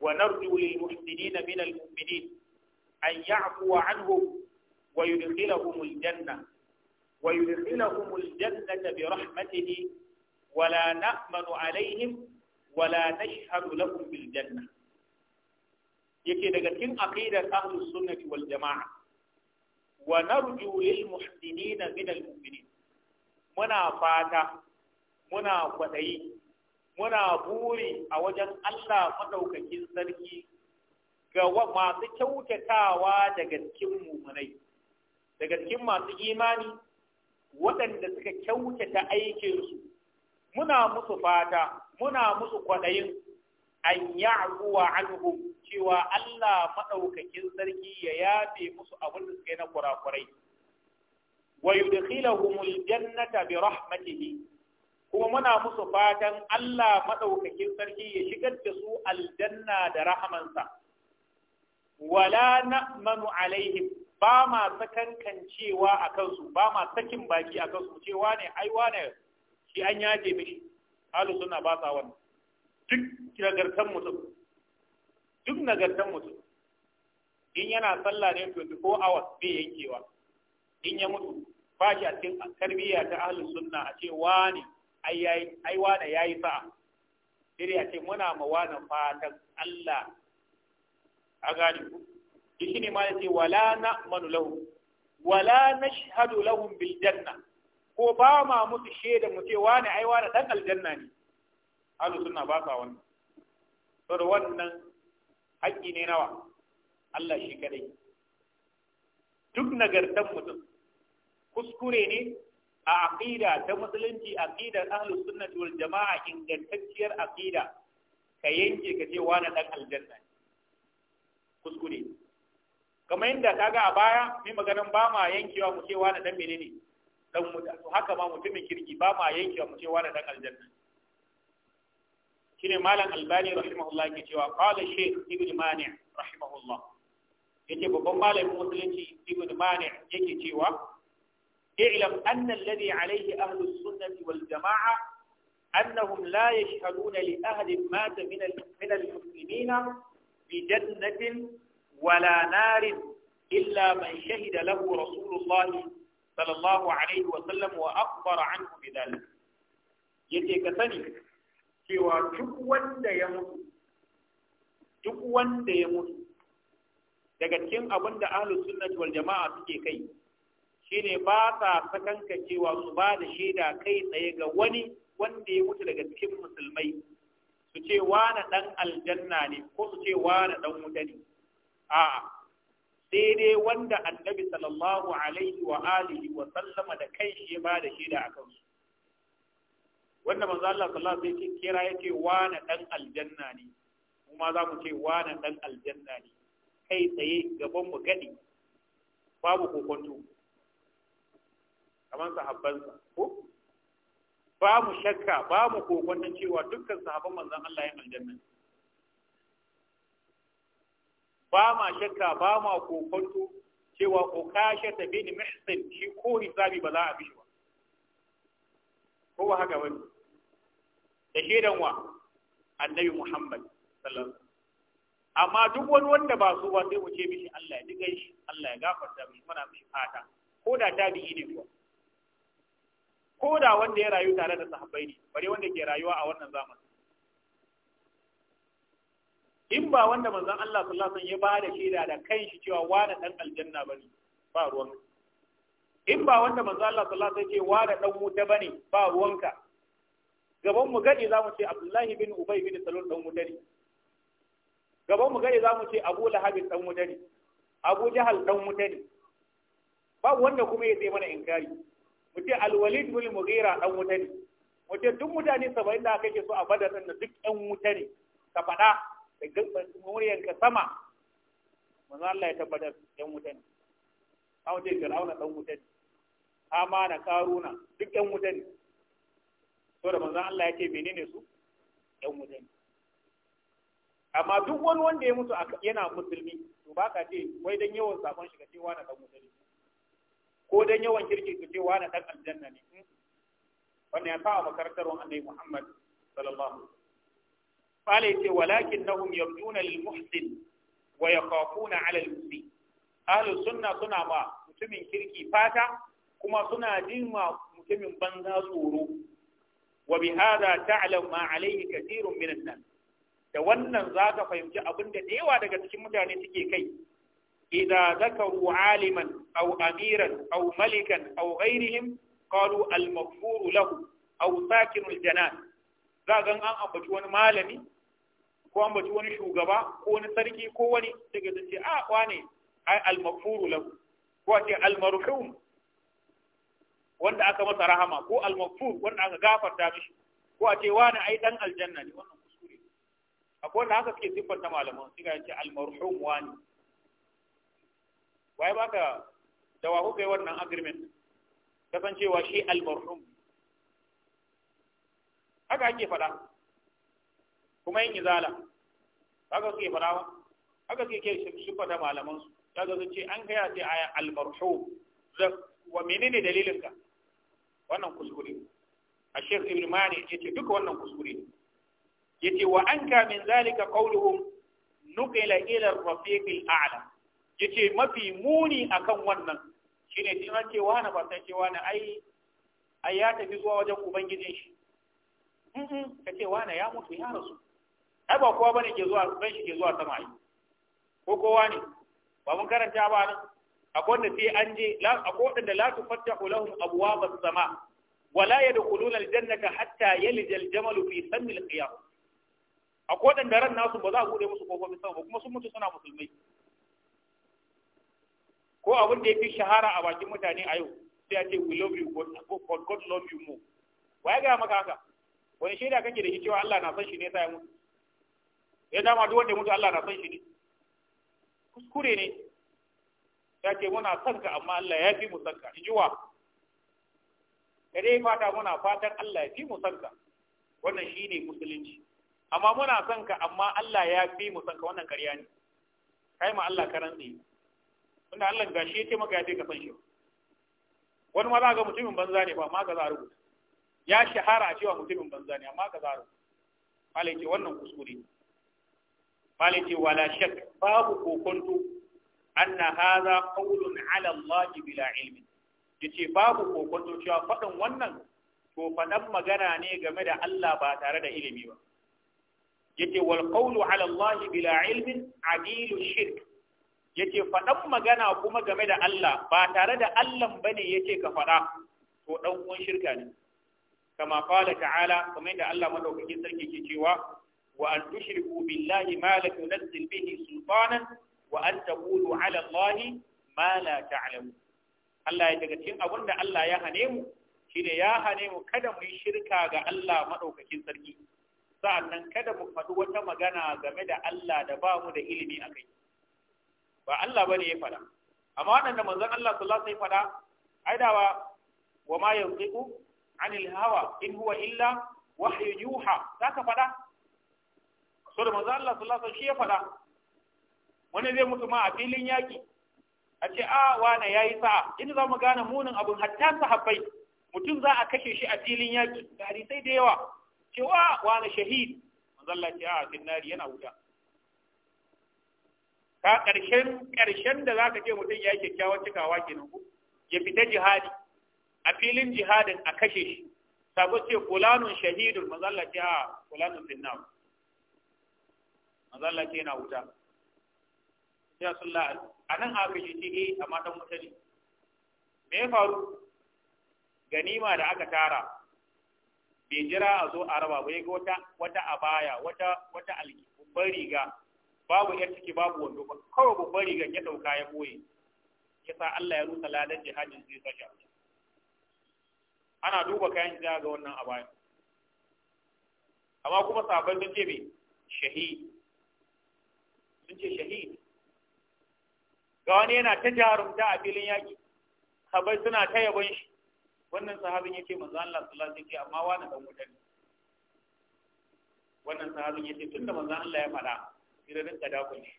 wa narju lil muhsinina min al mu'minin an ya'fu anhum wa yudkhilahum al janna wa yudkhilahum al jannata bi rahmatihi wa la na'manu alaihim wa la nashhadu lahum bil janna yake daga cikin aqidar ahlus sunnati wal jamaa wa narju lil muhsinina min al mu'minin muna fata muna kwaɗayi muna buri a wajen Allah madaukakin sarki ga masu kyautatawa daga cikin mumunai daga cikin masu imani waɗanda suka kyautata aikinsu muna musu fata muna musu kwaɗayin an ya'fuwa anhum cewa Allah maɗaukakin sarki ya yafe musu abin da suka yi na kurakurai wa yudkhilahumul jannata bi rahmatihi kuma muna musu fatan Allah madaukakin sarki ya shigar da su aljanna da rahamansa wala na'manu alaihim ba ma sakankan cewa a kansu ba ma sakin baki a kansu cewa ne ai wane shi an yaje mishi halu suna ba sa wannan duk nagartan mutum duk nagartan mutum in yana sallah ne 24 hours bai yankewa in ya mutu ba shi a cikin tarbiyya ta ahlus sunna a ce wani ai yayi ai wani yayi sa'a sai a ce muna ma wani fatan Allah a gani ku shi ne ma ya ce wala na manu lahu wala nashhadu lahum bil janna ko ba ma musu shaida mu ce wani ai wani dan aljanna ne ahlus sunna ba sa wannan saboda wannan haƙƙi ne nawa Allah shi kadai duk nagartan mutum kuskure ne a aqida ta musulunci aqidar ahlus sunnah wal jama'a ingantacciyar aqida ka yanke ka ce wani dan aljanna kuskure kamar yadda kaga a baya mai maganan ba ma yankewa mu ce wani dan menene dan muta to haka ma mutumin kirki ba ma yankewa mu ce wani dan aljanna shine malam albani rahimahullah ke cewa qala shaykh ibn mani' rahimahullah yake babban malamin musulunci ibn mani' yake cewa اعلم أن الذي عليه أهل السنة والجماعة أنهم لا يشهدون لأهل مات من من المسلمين بجنة ولا نار إلا من شهد له رسول الله صلى الله عليه وسلم وأخبر عنه بذلك yake ka sani cewa duk wanda ya mutu duk wanda ya mutu daga cikin abin da ahlus sunnati wal jama'a suke kai shine ba sa cewa su ba da shaida kai tsaye ga wani wanda ya wuce daga cikin musulmai su ce wani dan aljanna ne ko su ce wani dan wuta ne a'a sai dai wanda annabi sallallahu alaihi wa alihi wa sallama da kai shi ya da shaida a kansu wanda manzo Allah sallallahu alaihi wasallam kira yake wani dan aljanna ne kuma za mu ce wani dan aljanna ne kai tsaye gaban mu gadi babu kokonto kamar sahabbansa ko mu shakka babu kokonton cewa dukkan sahabban manzon Allah ya aljanna ba ma shakka ba ma kokonto cewa ko ukasha ta bin mihsin shi ko hisabi ba za a bishi ba ko haka wani da shedan wa annabi Muhammad sallallahu alaihi amma duk wani wanda ba su ba sai mu ce mishi Allah ya diga shi Allah ya gafarta mishi muna mishi fata ko da tabi'i ne kuwa ko da wanda ya rayu tare da sahabbai ne bare wanda ke rayuwa a wannan zamani in ba wanda manzon Allah sallallahu alaihi wasallam ya bada shaida da kanshi cewa wani dan aljanna bane ba ruwanka in ba wanda manzon Allah sallallahu alaihi wasallam ya ce wani dan wuta bane ba ruwanka gaban mu gadi zamu ce Abdullahi bin Ubay bin Salul dan wuta ne gaban mu gadi zamu ce Abu Lahab dan wuta ne Abu Jahal dan wuta ne ba wanda kuma ya sai mana inkari mu alwalid bin mugira dan wuta ne mu duk mutane saba'in da aka ke so a badar da duk yan wuta ne ka faɗa da muryan ka sama manzo Allah ya tabbatar yan wuta ne an ce fir'auna dan wuta ne na karuna duk yan wuta ne to da manzo Allah ya ce menene su yan wuta ne amma duk wani wanda ya mutu yana musulmi to baka ce wai dan yawan sakon shi cewa na wani dan ne ko dan yawan kirki su ce wani ɗan aljanna ne wannan ya kawo makarantar annabi Muhammad sallallahu alaihi ce walakinnahum yarjuna lil muhsin wa yakhafuna ala al musi ahli sunna suna ma mutumin kirki fata kuma suna jin ma mutumin banza tsoro wa bi hada ta'lam ma alayhi kathirun min nan. da wannan zaka fahimci abin da yawa daga cikin mutane suke kai إذا ذكروا عالما أو أميرا أو ملكا أو غيرهم قالوا المغفور له أو ساكن الجنان ذاك أن أمبت أن مالمي ko an baci wani shugaba ko wani sarki ko wani daga sun ce a wane ai almafuru lahu ko a ce almarhum wanda aka masa rahama ko almafur wanda aka gafarta mishi ko a ce wani ai dan aljanna ne wannan kuskure akwai wanda haka suke siffanta malaman ce almarhum wani waye ka da wa kuka yi wannan agreement kasancewa shi al-marhum haka ake faɗa kuma yin izala haka suke fada ba haka suke ke shufa da malaman su ya sun ce an kai sai aya al-marhum wa menene dalilin ka wannan kuskure a shek ibn mani ya ce duka wannan kuskure ne ya ce wa an min zalika qawluhum nuqila ila rafiqil ala yace mafi muni akan wannan shine ne an ce wani ba san cewa na ai ai ya tafi zuwa wajen ubangijin shi ka ce wani ya mutu ya rasu ai ba kowa bane ke zuwa ban shi ke zuwa sama ai ko kowa ne ba mun karanta ba nan akwai wanda sai an je akwai wanda la tufattahu lahum abwabas sama wala yadkhuluna aljannata hatta yalija aljamalu fi sammi alqiyam akwai wanda ran nasu ba za a gode musu kofofin sama ba kuma sun mutu suna musulmai ko abin da ya fi shahara a bakin mutane a yau sai a ce we love you God God, God love you more ya ga maka haka wani da kake da shi cewa Allah na san shi ne sai ya mutu ya dama duk wanda ya mutu Allah na san shi ne kuskure ne ya ce muna son ka amma Allah ya fi mu son ka Injuwa. wa dai fata muna fatan Allah ya fi mu son ka wannan shi ne musulunci amma muna son ka amma Allah ya fi mu son ka wannan ƙarya ne kai ma Allah karan tsaye wanda Allah gashi ya ce maka ya ce ka san shi wani ma za ga mutumin banza ne ba ma ka za a rubuta ya shahara a cewa mutumin banza ne amma ka za a rubuta malai ce wannan kuskure malai ce wala shak babu kokonto anna hadha qawlun ala Allah bila ilmi yace babu kokonto cewa faɗin wannan to fadan magana ne game da Allah ba tare da ilimi ba yace wal qawlu ala Allah bila ilmin adilu shirk yake faɗan magana kuma game da Allah ba tare da Allah bane yake ka faɗa to dan uwan shirka ne kama fa’ala ta'ala kuma yadda Allah maɗaukakin sarki ke cewa wa an tushriku billahi ma la tunzil bihi sultanan wa an taqulu ala Allah ma la ta'lamu Allah ya daga cikin abinda Allah ya hane mu shine ya hane mu kada mu yi shirka ga Allah maɗaukakin sarki sa'annan kada mu faɗi wata magana game da Allah da ba mu da ilimi a kai ba Allah ba ne ya faɗa amma waɗanda manzon Allah sallallahu alaihi wasallam ya faɗa ai dawa wa ma yanziqu anil hawa in huwa illa wahyu yuha zaka faɗa so da manzon Allah sallallahu alaihi wasallam shi ya faɗa wani zai mutu ma a filin yaki a ce a ah, wane yayi sa'a in za mu gane munin abun hatta sahabbai mutum za a kashe shi a filin yaki da hadisai da yawa cewa wane shahid manzon Allah ya ce a ah, nari yana wuta ka ƙarshen ƙarshen da zaka ce mutum ya yi kyakkyawan cikawa kenan ku ya fita jihadi a filin jihadin a kashe shi sabo ce fulanun shahidul mazalla ce a ah, fulanun finnam mazalla ce yana wuta ya sallah a nan aka kashe shi eh a matan wuta ne me ya faru ganima da aka tara bai jira a zo a raba ba ya ga wata wata abaya wata wata riga babu yar ciki babu wando ba kawai babban rigan ya dauka ya boye yasa Allah ya rusa ladan jihadin zai saka ana duba kayan jiya ga wannan abaya amma kuma sabon sun ce me shahid sun ce shahid ga wani yana ta jarumta a filin yaki sabai suna ta yabon shi wannan sahabin yake manzo Allah sallallahu alaihi wasallam amma wani dan wuta wannan sahabin yake tunda manzo Allah ya faɗa sai na rinka dakon shi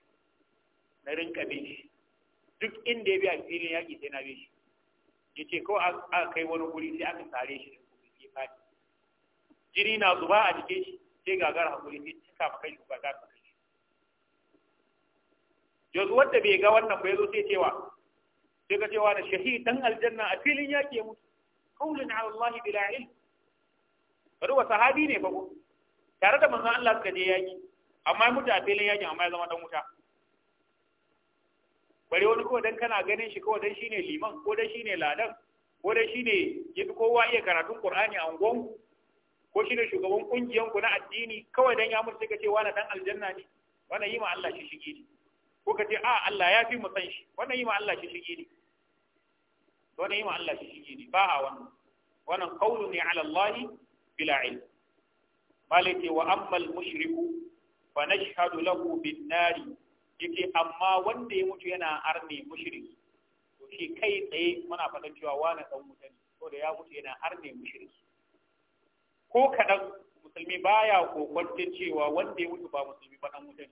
na rinka bin shi duk inda ya bi a filin yaƙi sai na bi shi ya ce kawai aka kai wani guri sai aka sare shi da kuma ke fadi jini na zuba a jikin shi sai gagar hakuri sai cika maka shi ba za ka kai shi yanzu wanda bai ga wannan ba ya zo sai cewa sai ka cewa da shahi dan aljanna a filin yaƙi ya mutu kaulin ala Allah bila ilm bari wa sahabi ne ba ko tare da manzon Allah suka je yaƙi amma ya mutu a filin yakin amma ya zama dan wuta Bari wani kawai dan kana ganin shi kawai dan ne liman ko dan ne ladan ko dan ne yadda kowa iya karatun ƙur'ani a ungon ko shi ne shugaban kungiyan ku na addini kawai dan ya mutu sai ka ce wani dan aljanna ne wani yi ma Allah shi shige ne ko ka ce a Allah ya fi mu san shi wannan yi ma Allah shi shige ne wani yi ma Allah shi shige ne ba a wannan wannan qawlu ne ala Allah bila ilm malike wa al mushriku fa nashhadu lahu bin nari yake amma wanda ya mutu yana arme mushriki to shi kai tsaye muna faɗan cewa wani dan wuta ko da ya mutu yana arme mushriki ko kadan musulmi baya kokonta cewa wanda ya mutu ba musulmi ba dan wuta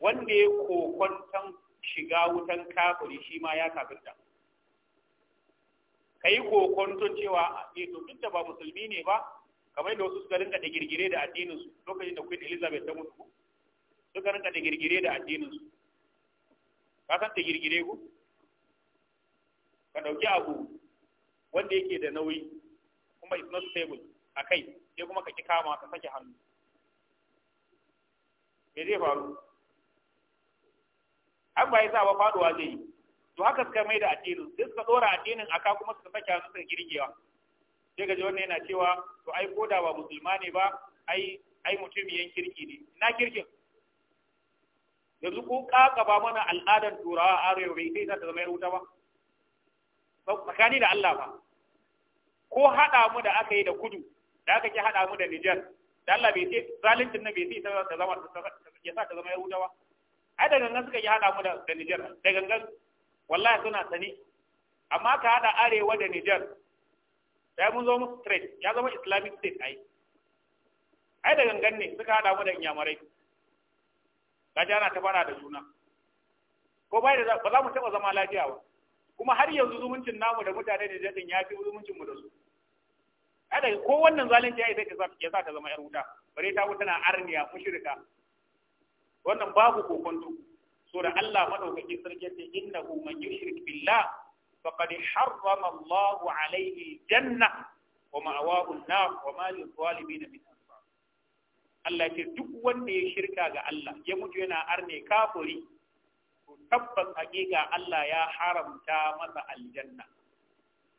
wanda ya kokonta shiga wutan kafiri shi ma ya kafirta kai kokonta cewa a eh, to duk da ba musulmi ne ba kamar yadda wasu suka rinka da girgire da addinin su lokacin da Queen Elizabeth ta mutu suka rinka da girgire da addinin su ka san ta girgire ku ka dauki abu wanda yake da nauyi kuma is not stable a kai sai kuma ka ki kama ka sake hannu me zai faru an ba sa ba faduwa zai yi to haka suka mai da addinin sai suka dora addinin aka kuma suka sake hannu suka girgewa sai gaji wannan yana cewa to ai ko da ba musulma ne ba ai ai mutumiyan kirki ne na kirkin yanzu ko kaka ba mana al'adan turawa arewa bai sai ta zama yaruta ba makani da Allah ba ko haɗa mu da aka yi da kudu da aka ki haɗa mu da Nijar da Allah bai sai zalincin nan bai sai ta zama ya sa ta zama yaruta ba ai da gangan suka yi haɗa mu da Nijar da gangan wallahi suna sani amma ka haɗa arewa da Nijar sai mun zo mu straight ya zama islamic state ai ai da gangan ne suka hada mu da inyamurai ga jana ta fara da juna ko bai da ba za mu taba zama lafiya ba kuma har yanzu zumuncin namu da mutane da jadin ya fi zumuncin mu da su ai da ko wannan zalunci ya sai ya sa ta zama yar wuta bare ta wuta na arniya mushrika wannan babu kokonto so da Allah madaukakin sarki ce innahu man yushrik billah فقد حرم الله عليه الجنة ومأواه النار وما للظالمين من أنصار الله wanda ya shirka ga Allah ya mutu yana arne kafiri to tabbas hakika Allah ya haramta masa aljanna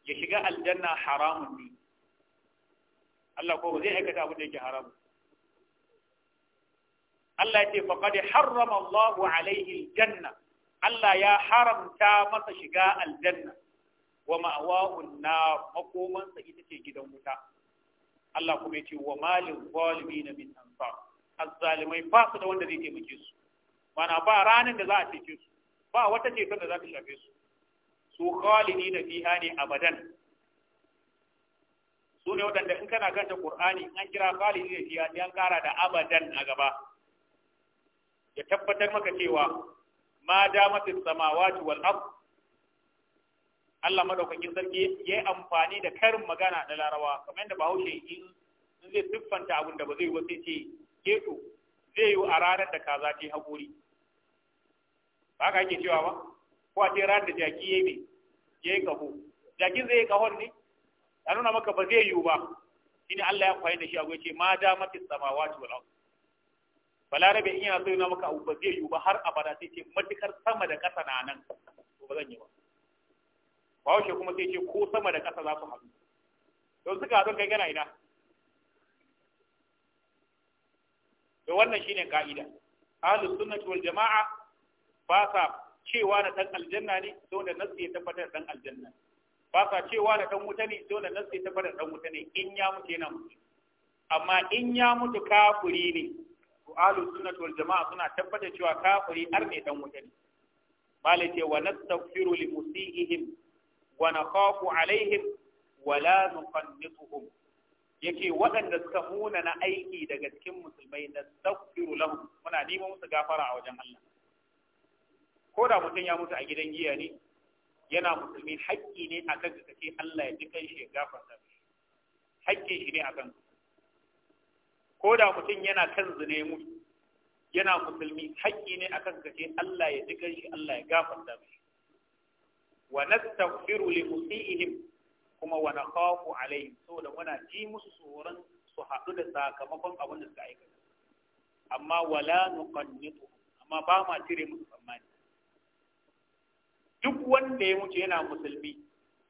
ya shiga aljanna haramun ne Allah ko zai aikata abin da Allah ya haramta masa shiga aljanna wa ma'awa'un na makomansa ita ce gidan wuta Allah kuma yace wa malin zalimin min ansar azzalimai ba su da wanda zai taimake su mana ba ranar da za a cece su ba wata ceton da za ta shafe su su khalidina fiha ne abadan su ne waɗanda in kana kanta Qur'ani an kira khalidi da fiya sai an ƙara da abadan a gaba ya tabbatar maka cewa ma damat as-samawati wal ard Allah madaukakin sarki yayi amfani da karin magana da larawa kamar yadda bahaushe in zai siffanta abin da ba zai ba sai ce geto zai yi a ranar da kaza ta haƙuri ba ka ake cewa ba ko a ce ranar da jaki yayi ne yayi kaho jakin zai yi kahon ne a nuna maka ba zai yiwu ba shine Allah ya kwaye da shi a ce ma damatis samawati wal ard balarabe in yana so yana maka abu ba zai yiwu ba har abada sai ce matukar sama da ƙasa na nan ba zan yi ba Ba bahaushe kuma sai ce ko sama da ƙasa za su haɗu don suka haɗu kai gana ina to wannan shine ka'ida ahlus sunnati wal jama'a ba sa cewa na dan aljanna ne don da nasu ya tabbatar dan aljanna ba sa cewa na dan wuta ne don da nasu ya tabbatar dan wuta ne in ya mutu yana mutu amma in ya mutu kafiri ne ahlus sunnati wal jama'a suna tabbata cewa kafiri har ne dan wuta ne malai ce wa nastaghfiru li musiihim wa nakhafu alaihim wa la nuqannituhum yake waɗanda suka muna na aiki daga cikin musulmai na nastaghfiru lahum muna neman musu gafara a wajen Allah ko da mutum ya mutu a gidan giya ne yana musulmi haƙƙi ne akan ka ce Allah ya ji shi ya gafarta haƙƙin shi ne akan ka ko da mutum yana kan zine mu yana musulmi haƙƙi ne akan kan ce Allah ya jikan shi Allah ya gafarta mishi wa nastaghfiru li musiihim kuma wa nakhafu so da muna ji musu tsoron su haɗu da sakamakon abin da suka aikata amma wala nuqannitu amma ba ma cire musu tsammani duk wanda ya mutu yana musulmi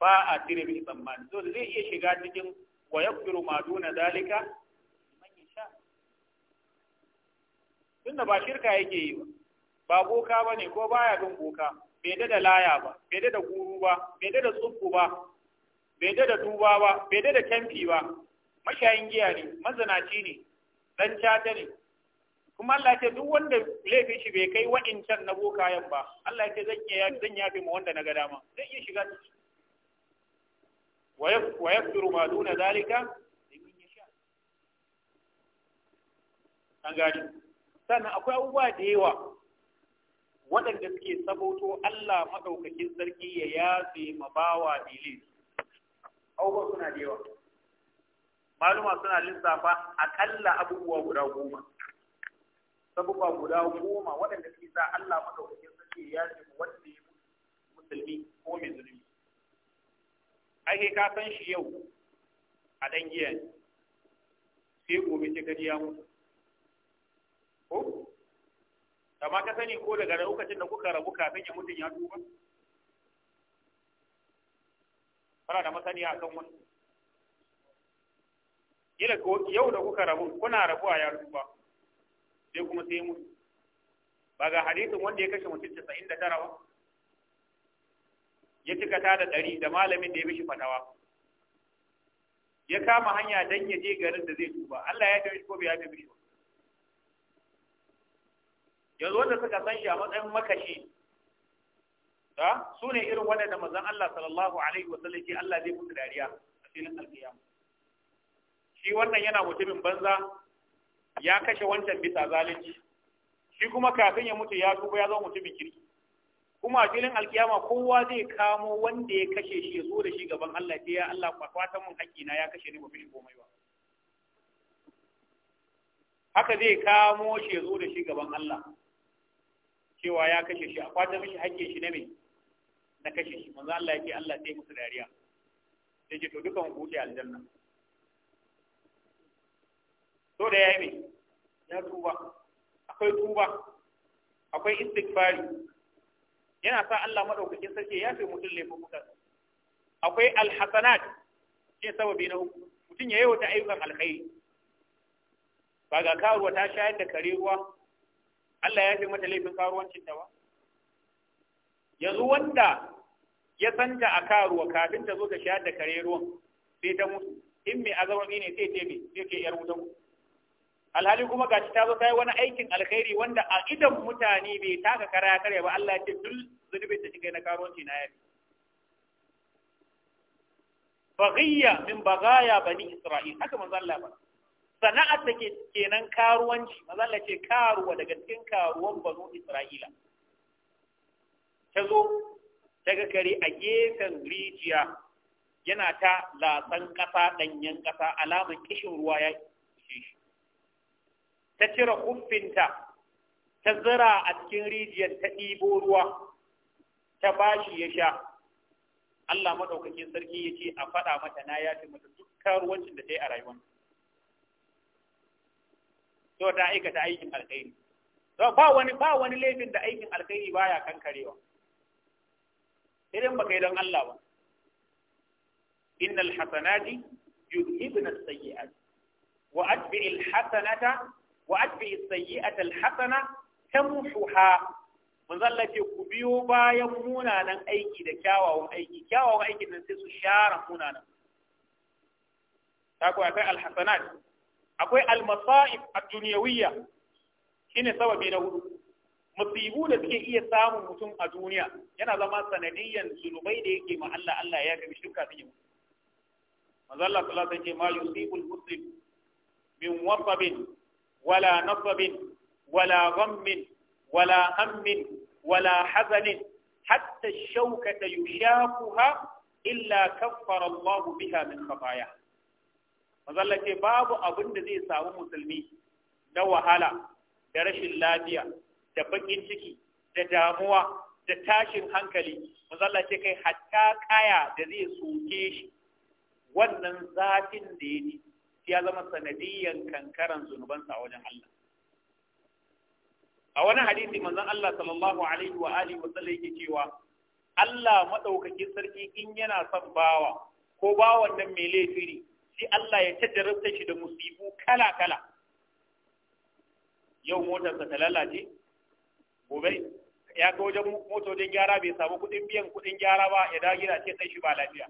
ba a cire musu tsammani so zai iya shiga cikin wa yaghfiru ma duna zalika tunda ba shirka yake yi ba ba boka ba ne ko baya bin boka bai da da laya ba bai da da guru ba bai da da tsubbu ba bai da da duba ba bai da da kamfi ba mashayin giya ne mazanaci ne dan cata ne kuma Allah ya ce duk wanda laifin shi bai kai wa'incan na yan ba Allah ya ce zan iya zan yafe ma wanda na ga dama zan iya shiga ciki wa ma duna zalika sannan akwai abubuwa da yawa waɗanda suke saboto Allah maɗaukakin sarki ya yafe ma bawa dile abubuwa suna da yawa maluma suna lissafa aƙalla abubuwa guda goma sabuwa guda goma waɗanda suke sa Allah maɗaukakin sarki ya yafe ma wanda ya musulmi ko mai zulmi ake ka san shi yau a ɗan giya ne sai gobe ta gari ya mutu amma ka sani ko daga lokacin da kuka rabu kafin ya mutum ya tuba kana da masaniya kan wani ko yau da kuka rabu kuna rabuwa ya tuba sai kuma sai mutu ba ga hadisin wanda ya kashe mutum tara ba ya cika ta da ɗari da malamin da ya bishi fatawa ya kama hanya don ya je garin da zai tuba Allah ya tafi ko bai ya tafi ba yanzu wanda suka san shi a matsayin makashi da su ne irin waɗanda mazan Allah sallallahu alaihi wasallam ke Allah zai mutu dariya a filin alkiyama shi wannan yana mutumin banza ya kashe wancan bisa zalunci shi kuma kafin ya mutu ya tuba ya zama mutumin kirki kuma a filin alkiyama kowa zai kamo wanda ya kashe shi ya zo da shi gaban Allah sai ya Allah fatan mun na ya kashe ni ba fi komai ba haka zai kamo shi ya zo da shi gaban Allah cewa ya kashe shi a kwata mishi hakkin shi na me na kashe shi manzo Allah ya ce Allah sai musu dariya sai ce to dukan ku da aljanna to da yayi me ya tuba akwai tuba akwai istighfari yana sa Allah madaukakin sarki ya fi mutum laifukan akwai alhasanat ke sababi na uku mutum ya yi wata ayyukan alkhairi ba ga karuwa ta shayar da kare ruwa Allah ya fi mata laifin karuwancin ta ba yanzu wanda ya san ta a karuwa kafin ta zo ta shayar da kare ruwan sai ta mutu in mai azababi ne sai ce mai sai ke yar wuta alhali kuma ga ta zo ta yi wani aikin alkhairi wanda a idan mutane bai taka kara kare ba Allah ya ce duk zunubin ta shiga na karuwanci na yafi baghiya min bagaya bani isra'il haka manzo Allah ba sana'ar ta kenan karuwanci mazalla ce karuwa daga cikin karuwan banu isra'ila ta zo daga kare a gefen rijiya yana ta latsan ƙasa ɗanyen ƙasa alamar kishin ruwa ya ishe shi ta cire kuffinta ta zira a cikin rijiyar ta ɗibo ruwa ta bashi ya sha Allah maɗaukakin sarki ya ce a faɗa mata na yafi mata duk ruwancin da ta yi a rayuwarsa to ta aikata aikin alkhairi to ba wani ba wani laifin da aikin alkhairi baya kankarewa Irin baka yi don Allah ba innal hasanati yudhibna as-sayyi'at wa atbi'il hasanata wa atbi'is sayyi'ata al-hasana tamhuha mun zallace ku biyo bayan munanan aiki da kyawawan aiki kyawawan aikin nan sai su share munanan ta ku al alhasanat akwai almasa'ib ad-dunyawiyya shine sababi na hudu musibu da suke iya samun mutum a duniya yana zama sanadiyyan zunubai da yake ma Allah Allah ya gabi shirka sun yi manzo Allah sallallahu alaihi wasallam ma yusibul muslim min wasabin wala nasabin wala ghammin wala hammin wala hazanin hatta shawkata yushaquha illa kaffara Allah biha min khataaya mazalla ce babu abin da zai samu musulmi na wahala da rashin lafiya da bakin ciki da damuwa da tashin hankali mazalla ce kai hatta kaya da zai soke shi wannan zafin da ya ji ya zama sanadiyan kankaran zunubansa a wajen Allah a wani hadisi manzon Allah sallallahu alaihi wa alihi wa yake cewa Allah maɗaukakin sarki in yana son bawa ko bawan nan mai laifi sai Allah ya tajarabta shi da musibu kala-kala yau motarsa ta lalace gobe ya ga wajen motocin gyara bai samu kuɗin biyan kuɗin gyara ba ya dawo gida ce kai shi ba lafiya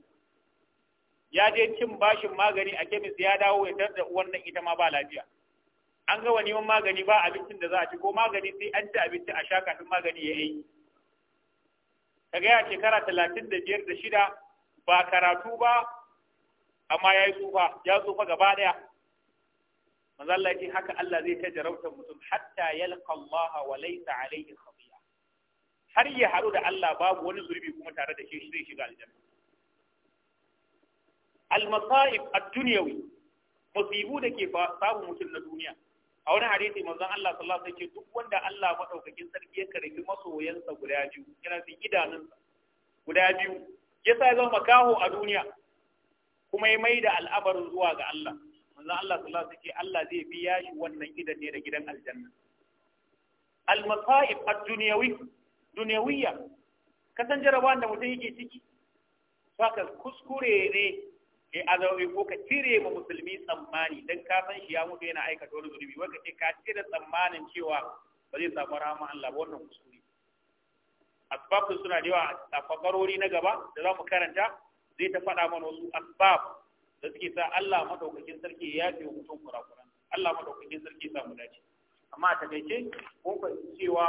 ya je cin bashin magani a kemis ya dawo ya tarda wannan ita ma ba lafiya an ga wani magani ba abincin da za a ci ko magani sai an ci abinci a sha kafin magani ya yi kaga ya shekara talatin da biyar da shida ba karatu ba amma ya yi tsufa ya tsufa gaba daya manzo Allah haka Allah zai ta jarautar mutum hatta yalqa Allah wa laysa alayhi khatiya har ya haru da Allah babu wani zurbi kuma tare da shi zai shiga aljanna al-masa'ib ad musibu da ke samun mutum na duniya a wani hadisi manzon Allah sallallahu alaihi wasallam duk wanda Allah madaukakin sarki ya karbi masoyansa guda biyu yana fi idanunsa guda biyu yasa ya zama makaho a duniya kuma ya mai da al'amarin zuwa ga Allah manzo Allah sallallahu alaihi wasallam Allah zai biya shi wannan gidan ne da gidan aljanna al-masa'ib ad-dunyawi dunyawiyya kasan jarabawan da mutum yake ciki saka kuskure ne ya azawi ko ka cire ma musulmi tsammani dan ka san shi ya mutu yana aikata wani zunubi wai ka ce ka cire tsammanin cewa ba zai samu rahama Allah ba wannan kuskure asbabu suna da yawa a na gaba da za mu karanta zai ta faɗa mana wasu asbab da suke sa Allah madaukakin sarki ya yafe mutum kurakuran Allah madaukakin sarki ya samu dace amma a takaice mun fahimci cewa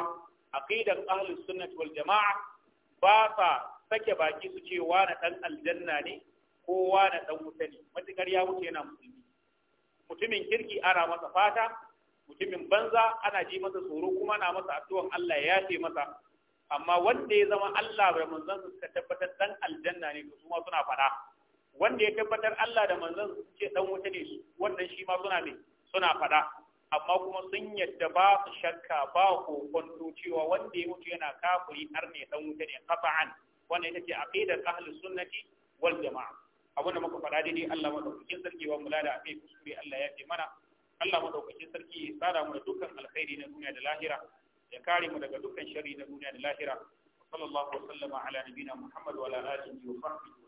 aqidar ahli sunnati wal jama'a ba sa sake baki su ce wani dan aljanna ne ko wani dan wuta ne matukar ya wuce yana musulmi mutumin kirki ana masa fata mutumin banza ana ji masa tsoro kuma na masa addu'an Allah ya yafe masa amma wanda ya zama Allah bai manzon suka tabbatar dan aljanna ne to su suna fada wanda ya tabbatar Allah da manzon su ce dan wuta ne wannan shi ma suna ne suna fada amma kuma sun yadda ba su shakka ba ko kwanto cewa wanda ya mutu yana kafiri har ne dan wuta ne qat'an wannan ita ce aqidar ahlus sunnati wal jamaa abin da muka faɗa daidai Allah madaukakin sarki wa mulada akai kuskure Allah ya ce mana Allah madaukakin sarki ya tsara mu dukkan alkhairi na duniya da lahira ya kare mu daga dukkan shari na duniya da lahira sallallahu wasallama ala nabina muhammad wa ala alihi wa sahbihi